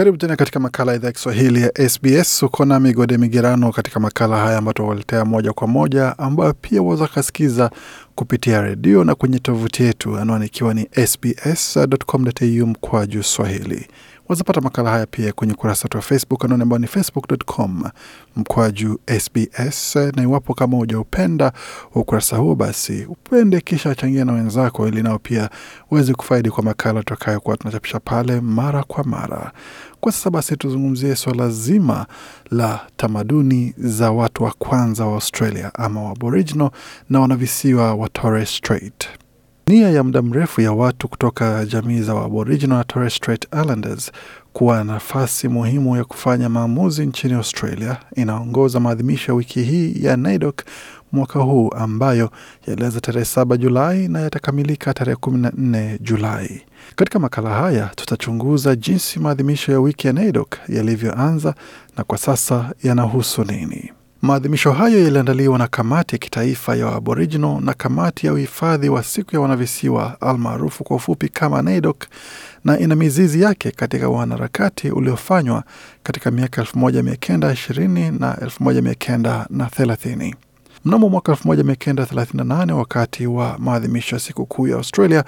Karibu tena katika makala ya idhaa ya Kiswahili ya SBS. Uko na Migode Migerano katika makala haya ambayo tunawaletea moja kwa moja, ambayo pia waweza kasikiza kupitia redio na kwenye tovuti yetu, anwani ikiwa ni sbs.com.au mkwaju swahili. Wazapata makala haya pia kwenye kurasa wetu wa Facebook anaone ambao ni facebook.com mkoa juu SBS, na iwapo kama hujaupenda ukurasa huo, basi upende kisha changia na wenzako, ili nao pia uweze kufaidi kwa makala tutakayokuwa tunachapisha pale mara kwa mara. Kwa sasa basi, tuzungumzie swala zima la tamaduni za watu wa kwanza wa Australia ama wa Aboriginal na wanavisiwa wa Torres Strait. Nia ya muda mrefu ya watu kutoka jamii za Aboriginal na Torres Strait Islanders kuwa nafasi muhimu ya kufanya maamuzi nchini Australia inaongoza maadhimisho ya wiki hii ya NAIDOC mwaka huu ambayo yalianza tarehe 7 Julai na yatakamilika tarehe 14 Julai. Katika makala haya tutachunguza jinsi maadhimisho ya wiki ya NAIDOC yalivyoanza na kwa sasa yanahusu nini. Maadhimisho hayo yaliandaliwa na kamati ya kitaifa ya Aboriginal na kamati ya uhifadhi wa siku ya wanavisiwa almaarufu kwa ufupi kama NAIDOC na ina mizizi yake katika wanaharakati uliofanywa katika miaka 1920 na 1930. Mnamo mwaka 1938 wakati wa maadhimisho ya siku kuu ya Australia,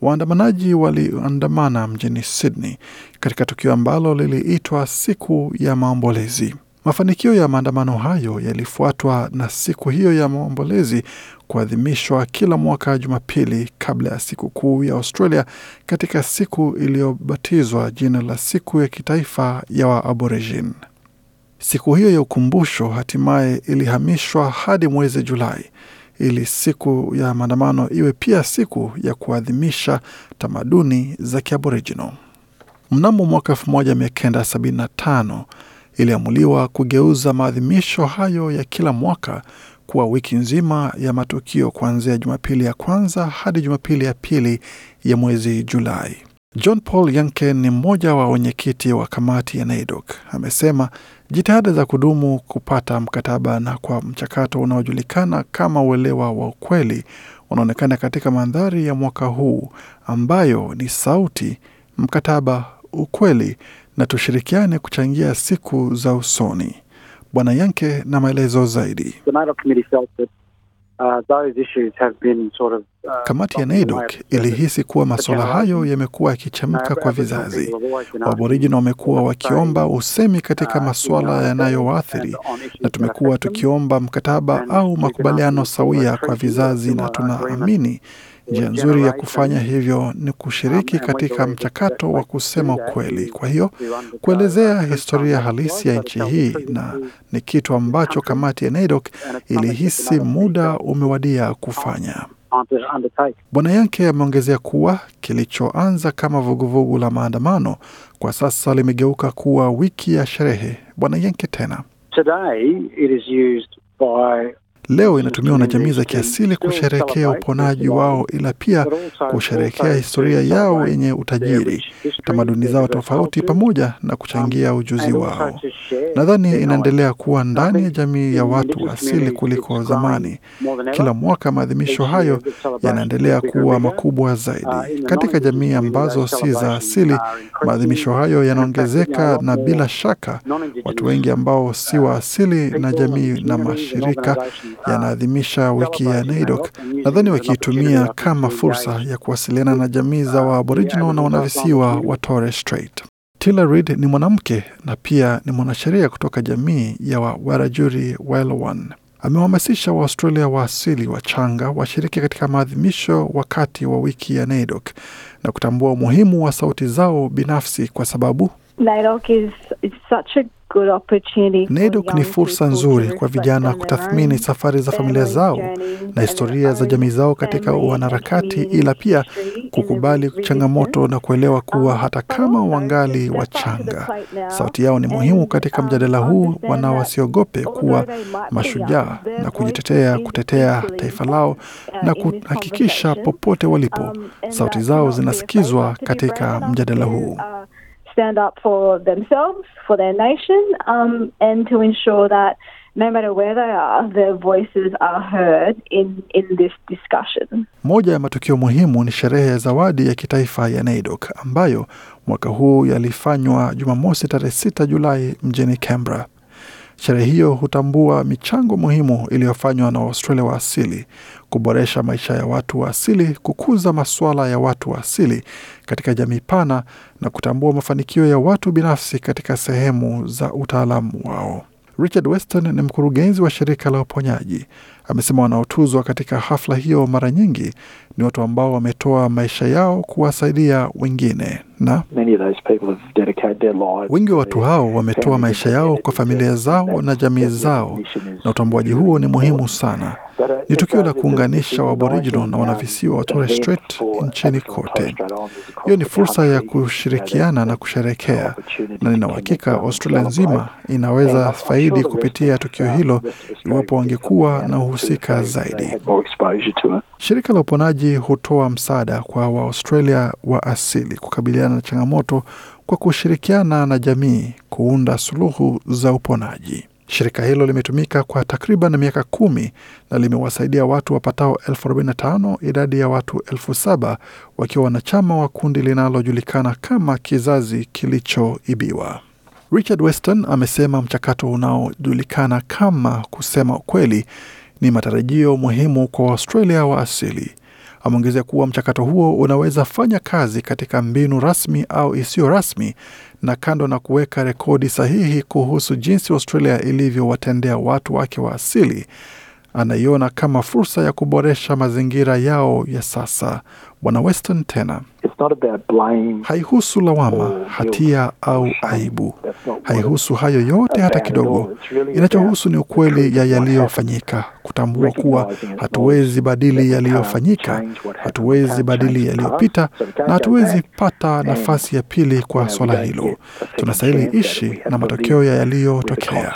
waandamanaji waliandamana mjini Sydney katika tukio ambalo liliitwa siku ya maombolezi. Mafanikio ya maandamano hayo yalifuatwa na siku hiyo ya maombolezi kuadhimishwa kila mwaka Jumapili kabla ya siku kuu ya Australia, katika siku iliyobatizwa jina la siku ya kitaifa ya Waaborigin. Siku hiyo ya ukumbusho hatimaye ilihamishwa hadi mwezi Julai ili siku ya maandamano iwe pia siku ya kuadhimisha tamaduni za Kiaborijini. Mnamo mwaka 1975 iliamuliwa kugeuza maadhimisho hayo ya kila mwaka kuwa wiki nzima ya matukio kuanzia Jumapili ya kwanza hadi Jumapili ya pili ya mwezi Julai. John Paul Yanke ni mmoja wa wenyekiti wa kamati ya NAIDOC. Amesema jitihada za kudumu kupata mkataba na kwa mchakato unaojulikana kama uelewa wa ukweli unaonekana katika mandhari ya mwaka huu ambayo ni sauti, mkataba, ukweli na tushirikiane kuchangia siku za usoni. Bwana Yanke na maelezo zaidi. Uh, uh, kamati ya NAIDOC ilihisi kuwa masuala hayo yamekuwa yakichemka kwa vizazi. Waborijini wamekuwa wakiomba usemi katika uh, masuala yanayowaathiri, na tumekuwa tukiomba mkataba au makubaliano sawia kwa vizazi, na tunaamini Njia nzuri ya kufanya hivyo ni kushiriki katika mchakato wa kusema ukweli. Kwa hiyo kuelezea historia halisi ya nchi hii, na ni kitu ambacho kamati ya NAIDOC ilihisi muda umewadia kufanya. Bwana Yanke ameongezea kuwa kilichoanza kama vuguvugu la maandamano kwa sasa limegeuka kuwa wiki ya sherehe. Bwana Yanke tena Today, it is used by leo inatumiwa na jamii za kiasili kusherekea uponaji wao, ila pia kusherekea historia yao yenye utajiri, tamaduni zao tofauti, pamoja na kuchangia ujuzi wao. Nadhani inaendelea kuwa ndani ya jamii ya watu asili kuliko zamani. Kila mwaka maadhimisho hayo yanaendelea kuwa makubwa zaidi. Katika jamii ambazo si za asili, maadhimisho hayo yanaongezeka, na bila shaka watu wengi ambao si wa asili na jamii na mashirika yanaadhimisha wiki ya NAIDOC, nadhani wakiitumia kama fursa ya kuwasiliana na jamii za Waaboriginal na wanavisiwa wa Torres Strait. Tila Reid ni mwanamke na pia ni mwanasheria kutoka jamii ya Wawarajuri Wailowan. Amewahamasisha Waaustralia wa asili changa washiriki katika maadhimisho wakati wa wiki ya NAIDOC na kutambua umuhimu wa sauti zao binafsi kwa sababu NAIDOC ni fursa nzuri kwa vijana kutathmini safari za familia zao na historia za jamii zao katika wanaharakati, ila pia kukubali changamoto na kuelewa kuwa um, hata kama wangali wachanga, sauti yao ni muhimu katika um, mjadala huu, wana wasiogope kuwa mashujaa na kujitetea, kutetea taifa lao uh, na kuhakikisha popote walipo, um, sauti zao zinasikizwa katika mjadala huu. Uh, stand up for themselves, for their nation, um, and to ensure that no matter where they are, their voices are heard in, in this discussion. Moja ya matukio muhimu ni sherehe ya zawadi ya kitaifa ya NAIDOC ambayo mwaka huu yalifanywa Jumamosi tarehe 6 Julai mjini Canberra. Sherehe hiyo hutambua michango muhimu iliyofanywa na Waustralia wa asili kuboresha maisha ya watu wa asili, kukuza masuala ya watu wa asili katika jamii pana na kutambua mafanikio ya watu binafsi katika sehemu za utaalamu wao. Richard Weston ni mkurugenzi wa shirika la uponyaji Amesema wanaotuzwa katika hafla hiyo mara nyingi ni watu ambao wametoa maisha yao kuwasaidia wengine, na wengi wa watu hao wametoa maisha yao kwa familia zao na jamii zao, na utambuaji huo ni muhimu sana. Uh, ni tukio la kuunganisha waborijino na wanavisiwa wa Torres Strait nchini kote. Hiyo ni fursa ya kushirikiana na kusherekea, na nina uhakika Australia nzima inaweza uh, faidi kupitia tukio hilo iwapo wangekuwa na uhusiano kuhusika zaidi. Shirika la uponaji hutoa msaada kwa Waaustralia wa asili kukabiliana na changamoto kwa kushirikiana na jamii kuunda suluhu za uponaji. Shirika hilo limetumika kwa takriban miaka kumi na limewasaidia watu wapatao elfu arobaini na tano, idadi ya watu elfu saba wakiwa wanachama wa kundi linalojulikana kama kizazi kilichoibiwa. Richard Weston amesema mchakato unaojulikana kama kusema ukweli ni matarajio muhimu kwa Waustralia wa asili. Ameongezea kuwa mchakato huo unaweza fanya kazi katika mbinu rasmi au isiyo rasmi, na kando na kuweka rekodi sahihi kuhusu jinsi Australia ilivyowatendea watu wake wa asili, anaiona kama fursa ya kuboresha mazingira yao ya sasa. Bwana Weston tena haihusu lawama, hatia au aibu, haihusu hayo yote hata kidogo. Inachohusu ni ukweli ya yaliyofanyika, kutambua kuwa hatuwezi badili yaliyofanyika, hatuwezi badili yaliyopita, na hatuwezi pata nafasi ya pili kwa swala hilo. Tunastahili ishi na matokeo ya yaliyotokea.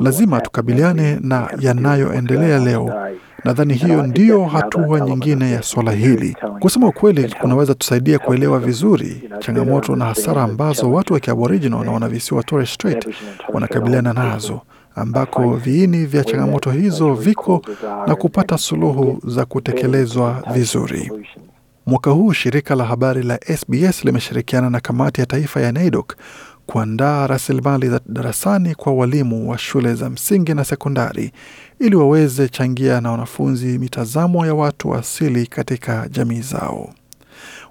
Lazima tukabiliane na yanayoendelea leo Nadhani hiyo ndiyo hatua nyingine ya swala hili. Kusema ukweli, kunaweza tusaidia kuelewa vizuri changamoto na hasara ambazo watu wa kiaborijini na wanavisiwa Torres Strait wanakabiliana nazo ambako viini vya changamoto hizo viko na kupata suluhu za kutekelezwa vizuri. Mwaka huu shirika la habari la SBS limeshirikiana na kamati ya taifa ya NAIDOC kuandaa rasilimali za darasani kwa walimu wa shule za msingi na sekondari ili waweze changia na wanafunzi mitazamo ya watu wa asili katika jamii zao.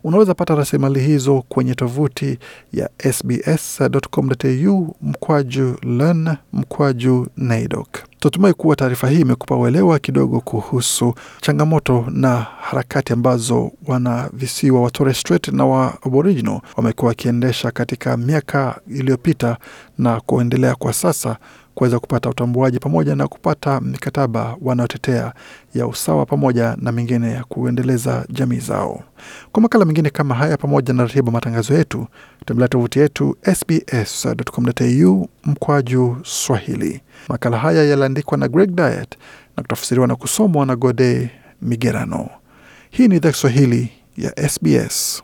Unaweza pata rasilimali hizo kwenye tovuti ya sbs.com.au mkwaju learn mkwaju NAIDOC. Tunatumai kuwa taarifa hii imekupa uelewa kidogo kuhusu changamoto na harakati ambazo wanavisiwa wa Torres Strait na wa Aboriginal wamekuwa wakiendesha katika miaka iliyopita na kuendelea kwa sasa kuweza kupata utambuaji pamoja na kupata mikataba wanaotetea ya usawa pamoja na mengine ya kuendeleza jamii zao. Kwa makala mengine kama haya pamoja na ratiba matangazo yetu, tembelea tovuti yetu sbs.com.au mkwaju Swahili. Makala haya yaliandikwa na Greg Diet na kutafsiriwa na kusomwa na Gode Migerano. Hii ni idhaa Kiswahili ya SBS.